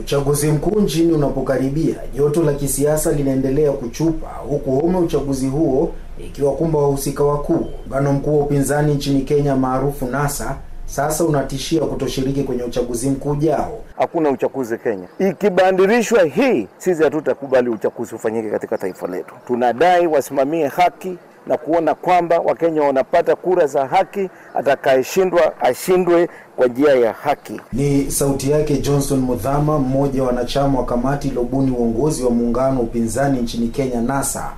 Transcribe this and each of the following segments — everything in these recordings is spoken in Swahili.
Uchaguzi mkuu nchini unapokaribia, joto la kisiasa linaendelea kuchupa, huku home uchaguzi huo ikiwakumba wahusika wakuu. Muungano mkuu wa upinzani nchini Kenya maarufu NASA sasa unatishia kutoshiriki kwenye uchaguzi mkuu ujao. Hakuna uchaguzi Kenya. Ikibandirishwa hii, sisi hatutakubali uchaguzi ufanyike katika taifa letu. Tunadai wasimamie haki na kuona kwamba Wakenya wanapata kura za haki. Atakayeshindwa ashindwe kwa njia ya haki. Ni sauti yake Johnson mudhama mmoja wa wanachama wa kamati iliobuni uongozi wa muungano wa upinzani nchini Kenya, NASA.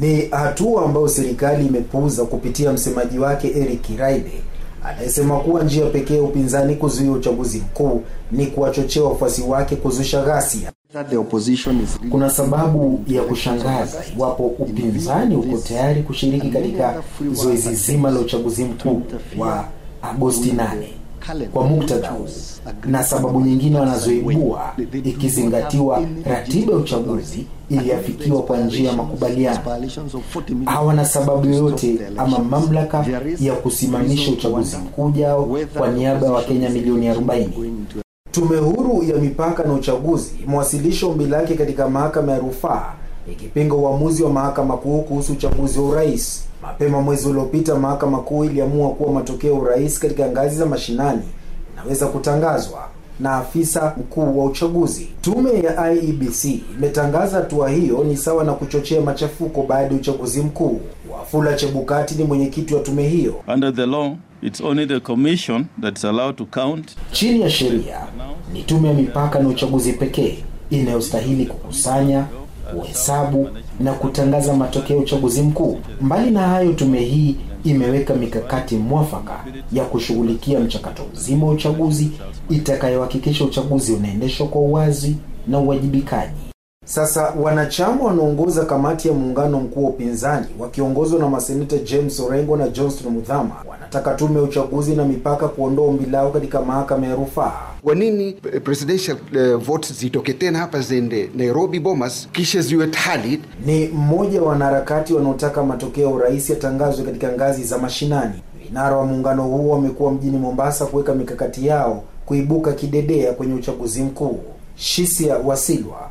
Ni hatua ambayo serikali imepuuza kupitia msemaji wake Eric Kiraithe anayesema kuwa njia pekee ya upinzani kuzuia uchaguzi mkuu ni kuwachochea wafuasi wake kuzusha ghasia. Kuna sababu ya kushangaza iwapo upinzani uko tayari kushiriki katika zoezi zima la uchaguzi mkuu wa Agosti 8 kwa muktadha na sababu nyingine wanazoibua, ikizingatiwa ratiba ya uchaguzi iliafikiwa kwa njia ya makubaliano. Hawana sababu yoyote ama mamlaka ya kusimamisha uchaguzi mkuu ujao kwa niaba ya Wakenya milioni 40 Tume Huru ya Mipaka na Uchaguzi imewasilisha ombi lake katika mahakama ya rufaa ikipinga uamuzi wa mahakama kuu kuhusu uchaguzi wa urais. Mapema mwezi uliopita, mahakama kuu iliamua kuwa matokeo ya urais katika ngazi za mashinani inaweza kutangazwa na afisa mkuu wa uchaguzi. Tume ya IEBC imetangaza hatua hiyo ni sawa na kuchochea machafuko baada ya uchaguzi mkuu. Wafula Chebukati ni mwenyekiti wa tume hiyo. Under the law It's only the commission allowed to count. Chini ya sheria ni tume ya mipaka na uchaguzi pekee inayostahili kukusanya, kuhesabu na kutangaza matokeo ya uchaguzi mkuu. Mbali na hayo, tume hii imeweka mikakati mwafaka ya kushughulikia mchakato mzima wa uchaguzi itakayohakikisha uchaguzi unaendeshwa kwa uwazi na uwajibikaji. Sasa wanachama wanaongoza kamati ya muungano mkuu wa upinzani wakiongozwa na maseneta James Orengo na Johnston Muthama wanataka tume ya uchaguzi na mipaka kuondoa ombi lao katika mahakama ya rufaa. Kwa nini presidential uh, votes zitoke tena hapa ziende Nairobi Bomas kisha ziwe tallied? Ni mmoja wa wanaharakati wanaotaka matokeo ya urais yatangazwe katika ngazi za mashinani. Vinara wa muungano huu wamekuwa mjini Mombasa kuweka mikakati yao kuibuka kidedea kwenye uchaguzi mkuu. Shisia Wasilwa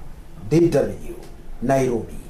DW Nairobi.